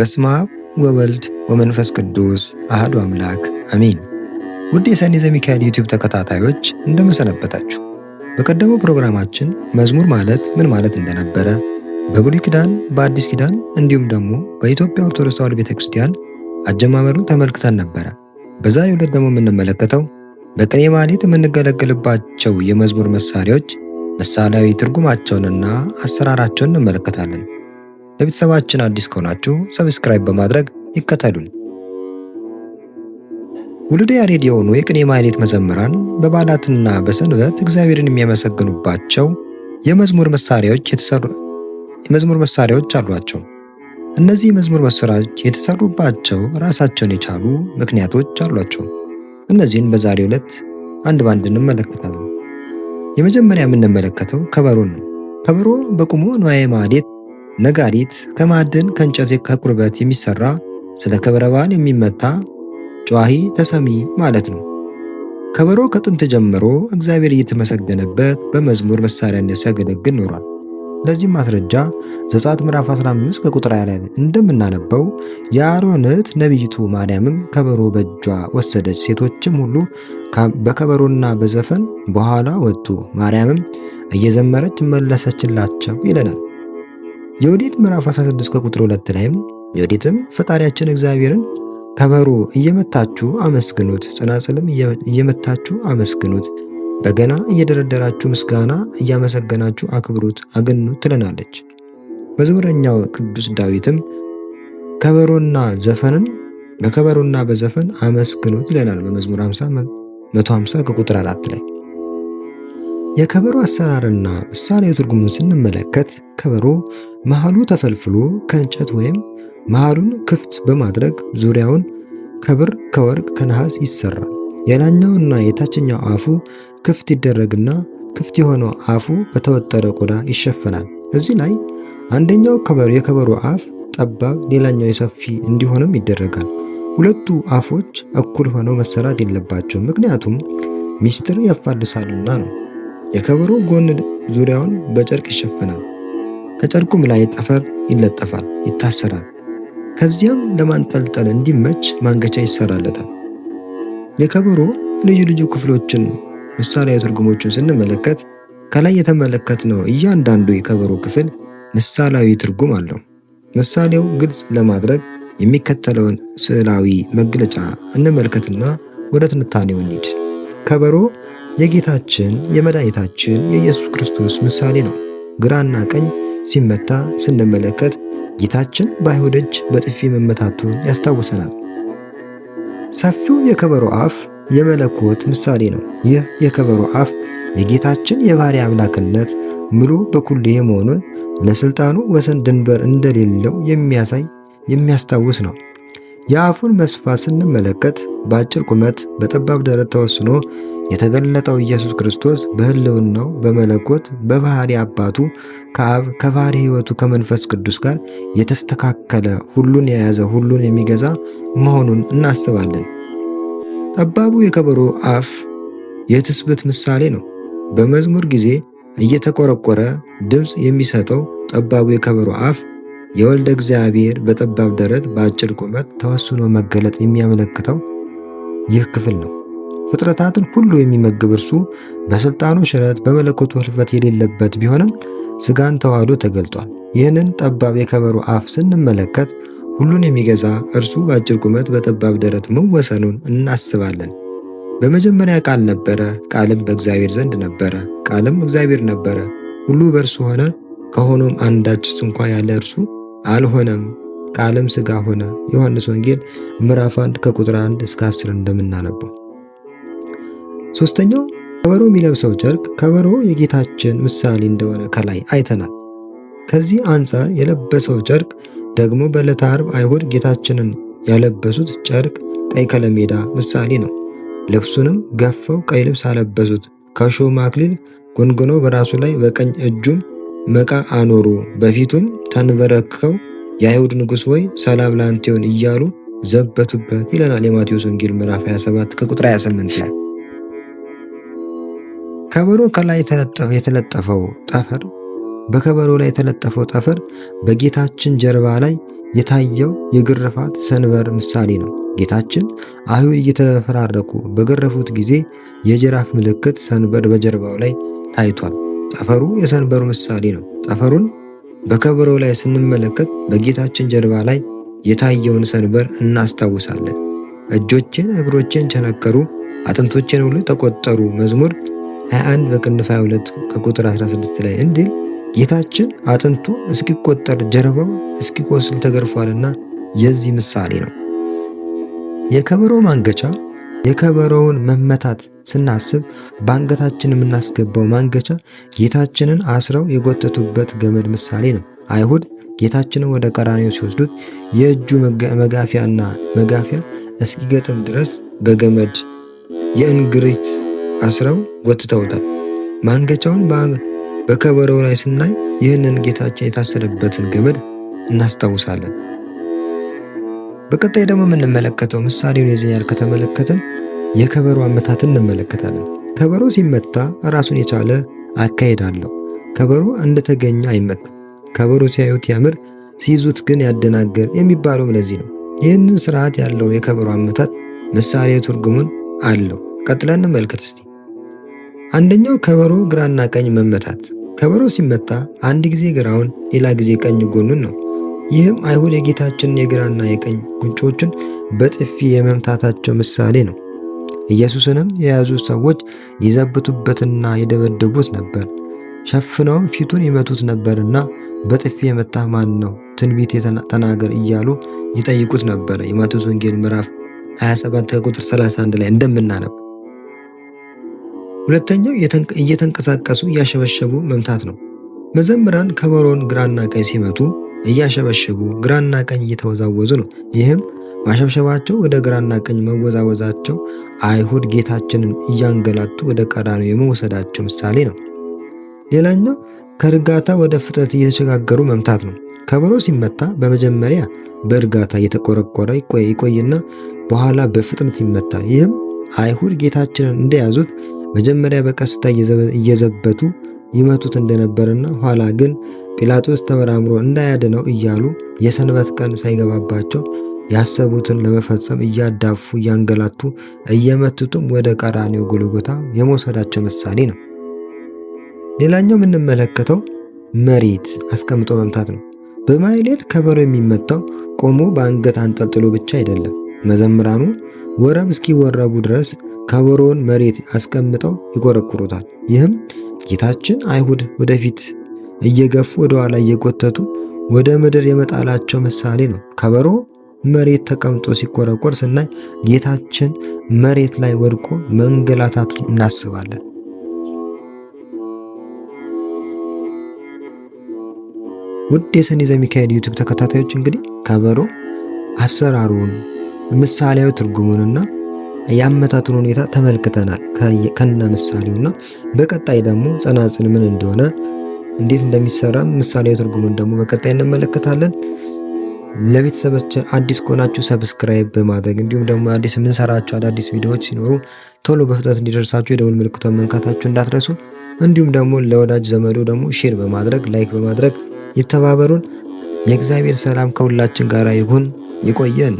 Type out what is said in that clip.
በስመ አብ ወወልድ ወመንፈስ ቅዱስ አህዱ አምላክ አሚን። ውድ የሰኔ ዘሚካኤል ዩቲዩብ ተከታታዮች እንደምሰነበታችሁ። በቀደመው ፕሮግራማችን መዝሙር ማለት ምን ማለት እንደነበረ በብሉይ ኪዳን፣ በአዲስ ኪዳን እንዲሁም ደግሞ በኢትዮጵያ ኦርቶዶክስ ተዋሕዶ ቤተ ክርስቲያን አጀማመሩን ተመልክተን ነበረ። በዛሬው ዕለት ደግሞ የምንመለከተው በቅኔ ማኅሌት የምንገለገልባቸው የመዝሙር መሳሪያዎች ምሳሌያዊ ትርጉማቸውንና አሰራራቸውን እንመለከታለን። ለቤተሰባችን አዲስ ከሆናችሁ ሰብስክራይብ በማድረግ ይከተሉን። ውሉደ ያሬድ የሆኑ የቅኔ ማኅሌት መዘምራን በበዓላትና በሰንበት እግዚአብሔርን የሚያመሰግኑባቸው የመዝሙር መሳሪያዎች የተሰሩ የመዝሙር መሳሪያዎች አሏቸው። እነዚህ መዝሙር መሳሪያዎች የተሰሩባቸው ራሳቸውን የቻሉ ምክንያቶች አሏቸው። እነዚህን በዛሬ ዕለት አንድ ባንድ እንመለከታለን። የመጀመሪያ የምንመለከተው ከበሮን ነው። ከበሮ በቁሙ ንዋየ ማኅሌት ነጋሪት ከማዕድን ከእንጨት፣ ከቁርበት የሚሰራ ስለ ክብረ በዓል የሚመታ ጨዋሂ ተሰሚ ማለት ነው። ከበሮ ከጥንት ጀምሮ እግዚአብሔር እየተመሰገነበት በመዝሙር መሳሪያነት ሲያገለግል ኖሯል። ለዚህም ማስረጃ ዘጸአት ምዕራፍ 15 ከቁጥር 20 ላይ እንደምናነበው የአሮን ነቢይቱ ማርያምም ከበሮ በእጇ ወሰደች፣ ሴቶችም ሁሉ በከበሮና በዘፈን በኋላ ወጡ፣ ማርያምም እየዘመረች መለሰችላቸው ይለናል። የወዴት ምዕራፍ 16 ከቁጥር 2 ላይም የወዴትም ፈጣሪያችን እግዚአብሔርን ከበሮ እየመታችሁ አመስግኑት፣ ጽናጽልም እየመታችሁ አመስግኑት፣ በገና እየደረደራችሁ ምስጋና እያመሰገናችሁ አክብሩት፣ አገኑት ትለናለች። መዝሙረኛው ቅዱስ ዳዊትም ከበሮና ዘፈንን በከበሮና በዘፈን አመስግኑት ይለናል በመዝሙር 50 150 ከቁጥር 4 ላይ የከበሮ አሰራርና ምሳሌ ትርጉሙን ስንመለከት ከበሮ መሃሉ ተፈልፍሎ ከእንጨት ወይም መሃሉን ክፍት በማድረግ ዙሪያውን ከብር፣ ከወርቅ፣ ከነሐስ ይሰራል። የላኛውና የታችኛው አፉ ክፍት ይደረግና ክፍት የሆነው አፉ በተወጠረ ቆዳ ይሸፈናል። እዚህ ላይ አንደኛው ከበሮ የከበሮ አፍ ጠባብ፣ ሌላኛው የሰፊ እንዲሆንም ይደረጋል። ሁለቱ አፎች እኩል ሆነው መሰራት የለባቸው፣ ምክንያቱም ሚስጥር ያፋልሳሉና ነው። የከበሮ ጎን ዙሪያውን በጨርቅ ይሸፈናል። ከጨርቁም ላይ ጠፈር ይለጠፋል፣ ይታሰራል። ከዚያም ለማንጠልጠል እንዲመች ማንገቻ ይሰራለታል። የከበሮ ልዩ ልዩ ክፍሎችን ምሳሌያዊ ትርጉሞችን ስንመለከት ከላይ የተመለከትነው እያንዳንዱ የከበሮ ክፍል ምሳሌያዊ ትርጉም አለው። ምሳሌው ግልጽ ለማድረግ የሚከተለውን ስዕላዊ መግለጫ እንመልከትና ወደ ትንታኔው እንሂድ። ከበሮ የጌታችን የመድኃኒታችን የኢየሱስ ክርስቶስ ምሳሌ ነው። ግራና ቀኝ ሲመታ ስንመለከት ጌታችን በአይሁድ እጅ በጥፊ መመታቱን ያስታውሰናል። ሰፊው የከበሮ አፍ የመለኮት ምሳሌ ነው። ይህ የከበሮ አፍ የጌታችን የባህሪ አምላክነት ሙሉ በኩል የመሆኑን ለሥልጣኑ ወሰን ድንበር እንደሌለው የሚያሳይ የሚያስታውስ ነው። የአፉን መስፋት ስንመለከት በአጭር ቁመት በጠባብ ደረት ተወስኖ የተገለጠው ኢየሱስ ክርስቶስ በሕልውናው በመለኮት በባህሪ አባቱ ከአብ ከባህሪ ሕይወቱ ከመንፈስ ቅዱስ ጋር የተስተካከለ ሁሉን የያዘ ሁሉን የሚገዛ መሆኑን እናስባለን። ጠባቡ የከበሮ አፍ የትስብእት ምሳሌ ነው። በመዝሙር ጊዜ እየተቆረቆረ ድምፅ የሚሰጠው ጠባቡ የከበሮ አፍ የወልደ እግዚአብሔር በጠባብ ደረት በአጭር ቁመት ተወስኖ መገለጥ የሚያመለክተው ይህ ክፍል ነው። ፍጥረታትን ሁሉ የሚመግብ እርሱ በስልጣኑ ሽረት በመለኮቱ ህልፈት የሌለበት ቢሆንም ስጋን ተዋህዶ ተገልጧል። ይህንን ጠባብ የከበሮ አፍ ስንመለከት ሁሉን የሚገዛ እርሱ በአጭር ቁመት በጠባብ ደረት መወሰኑን እናስባለን። በመጀመሪያ ቃል ነበረ፣ ቃልም በእግዚአብሔር ዘንድ ነበረ፣ ቃልም እግዚአብሔር ነበረ። ሁሉ በእርሱ ሆነ፣ ከሆኖም አንዳችስ እንኳ ያለ እርሱ አልሆነም። ቃልም ስጋ ሆነ። ዮሐንስ ወንጌል ምዕራፍ 1 ከቁጥር 1 እስከ 10 እንደምናነበው ሶስተኛው ከበሮ የሚለብሰው ጨርቅ ከበሮ የጌታችን ምሳሌ እንደሆነ ከላይ አይተናል። ከዚህ አንጻር የለበሰው ጨርቅ ደግሞ በዕለተ ዓርብ አይሁድ ጌታችንን ያለበሱት ጨርቅ ቀይ ከለሜዳ ምሳሌ ነው። ልብሱንም ገፈው ቀይ ልብስ አለበሱት፣ ከሾህ አክሊል ጎንጎኖ በራሱ ላይ በቀኝ እጁም መቃ አኖሩ፣ በፊቱም ተንበረክከው የአይሁድ ንጉሥ ወይ ሰላም ላንቴውን እያሉ ዘበቱበት ይለናል የማቴዎስ ወንጌል ምዕራፍ 27 ከቁጥር 28 ላይ ከበሮ ከላይ የተለጠፈው ጠፈር በከበሮ ላይ የተለጠፈው ጠፈር በጌታችን ጀርባ ላይ የታየው የግርፋት ሰንበር ምሳሌ ነው። ጌታችን አይሁድ እየተፈራረቁ በገረፉት ጊዜ የጅራፍ ምልክት ሰንበር በጀርባው ላይ ታይቷል። ጠፈሩ የሰንበሩ ምሳሌ ነው። ጠፈሩን በከበሮ ላይ ስንመለከት በጌታችን ጀርባ ላይ የታየውን ሰንበር እናስታውሳለን። እጆቼን እግሮቼን ቸነከሩ፣ አጥንቶቼን ሁሉ ተቆጠሩ መዝሙር 21 በቅንፍ 22 ከቁጥር 16 ላይ እንዲል ጌታችን አጥንቱ እስኪቆጠር ጀርባው እስኪቆስል ተገርፏልና የዚህ ምሳሌ ነው። የከበሮ ማንገቻ የከበሮውን መመታት ስናስብ በአንገታችን የምናስገባው ማንገቻ ጌታችንን አስረው የጎተቱበት ገመድ ምሳሌ ነው። አይሁድ ጌታችንን ወደ ቀራኔው ሲወስዱት የእጁ መጋፊያና መጋፊያ እስኪገጥም ድረስ በገመድ የእንግሪት አስረው ጎትተውታል። ማንገቻውን በከበረው ላይ ስናይ ይህንን ጌታችን የታሰረበትን ገመድ እናስታውሳለን። በቀጣይ ደግሞ የምንመለከተው ምሳሌውን የዚህን ከተመለከትን የከበሮ አመታትን እንመለከታለን። ከበሮ ሲመታ ራሱን የቻለ አካሄድ አለው። ከበሮ እንደተገኘ አይመታም። ከበሮ ሲያዩት ያምር፣ ሲይዙት ግን ያደናገር የሚባለው ለዚህ ነው። ይህንን ስርዓት ያለው የከበሮ አመታት ምሳሌ ትርጉሙን አለው። ቀጥለን እንመልከት እስቲ። አንደኛው ከበሮ ግራና ቀኝ መመታት። ከበሮ ሲመታ አንድ ጊዜ ግራውን ሌላ ጊዜ ቀኝ ጎኑን ነው። ይህም አይሁድ የጌታችንን የግራና የቀኝ ጉንጮችን በጥፊ የመምታታቸው ምሳሌ ነው። ኢየሱስንም የያዙ ሰዎች ይዘብቱበትና የደበደቡት ነበር። ሸፍነውም ፊቱን ይመቱት ነበርና በጥፊ የመታ ማን ነው? ትንቢት ተናገር እያሉ ይጠይቁት ነበር የማቴዎስ ወንጌል ምዕራፍ 27 ከቁጥር 31 ላይ እንደምናነብ ሁለተኛው እየተንቀሳቀሱ እያሸበሸቡ መምታት ነው። መዘምራን ከበሮን ግራና ቀኝ ሲመቱ እያሸበሸቡ ግራና ቀኝ እየተወዛወዙ ነው። ይህም ማሸብሸባቸው ወደ ግራና ቀኝ መወዛወዛቸው አይሁድ ጌታችንን እያንገላቱ ወደ ቀራንዮ የመወሰዳቸው ምሳሌ ነው። ሌላኛው ከእርጋታ ወደ ፍጥነት እየተሸጋገሩ መምታት ነው። ከበሮ ሲመታ በመጀመሪያ በእርጋታ እየተቆረቆረ ይቆይና በኋላ በፍጥነት ይመታል። ይህም አይሁድ ጌታችንን እንደያዙት መጀመሪያ በቀስታ እየዘበቱ ይመቱት እንደነበርና ኋላ ግን ጲላጦስ ተመራምሮ እንዳያድነው እያሉ የሰንበት ቀን ሳይገባባቸው ያሰቡትን ለመፈጸም እያዳፉ እያንገላቱ እየመቱትም ወደ ቀራኔው ጎልጎታ የመውሰዳቸው ምሳሌ ነው። ሌላኛው የምንመለከተው መሬት አስቀምጦ መምታት ነው። በማይሌት ከበሮ የሚመታው ቆሞ በአንገት አንጠልጥሎ ብቻ አይደለም። መዘምራኑ ወረብ እስኪወረቡ ድረስ ከበሮውን መሬት አስቀምጠው ይኮረኩሩታል። ይህም ጌታችን አይሁድ ወደፊት እየገፉ ወደኋላ እየጎተቱ ወደ ምድር የመጣላቸው ምሳሌ ነው። ከበሮ መሬት ተቀምጦ ሲቆረቆር ስናይ ጌታችን መሬት ላይ ወድቆ መንገላታቱን እናስባለን። ውድ የሰኔ ዘሚካኤል ዩቱብ ተከታታዮች እንግዲህ ከበሮ አሰራሩን ምሳሌያዊ ትርጉሙንና የአመታቱን ሁኔታ ተመልክተናል ከነ ምሳሌውና በቀጣይ ደግሞ ጸናጽል ምን እንደሆነ እንዴት እንደሚሰራ ምሳሌ ትርጉሙን ደግሞ በቀጣይ እንመለከታለን። ለቤተሰባችን አዲስ ከሆናችሁ ሰብስክራይብ በማድረግ እንዲሁም ደግሞ አዲስ የምንሰራቸው አዳዲስ ቪዲዮዎች ሲኖሩ ቶሎ በፍጥነት እንዲደርሳችሁ የደውል ምልክቷን መንካታችሁ እንዳትረሱ። እንዲሁም ደግሞ ለወዳጅ ዘመዶ ደግሞ ሼር በማድረግ ላይክ በማድረግ ይተባበሩን። የእግዚአብሔር ሰላም ከሁላችን ጋር ይሁን። ይቆየን።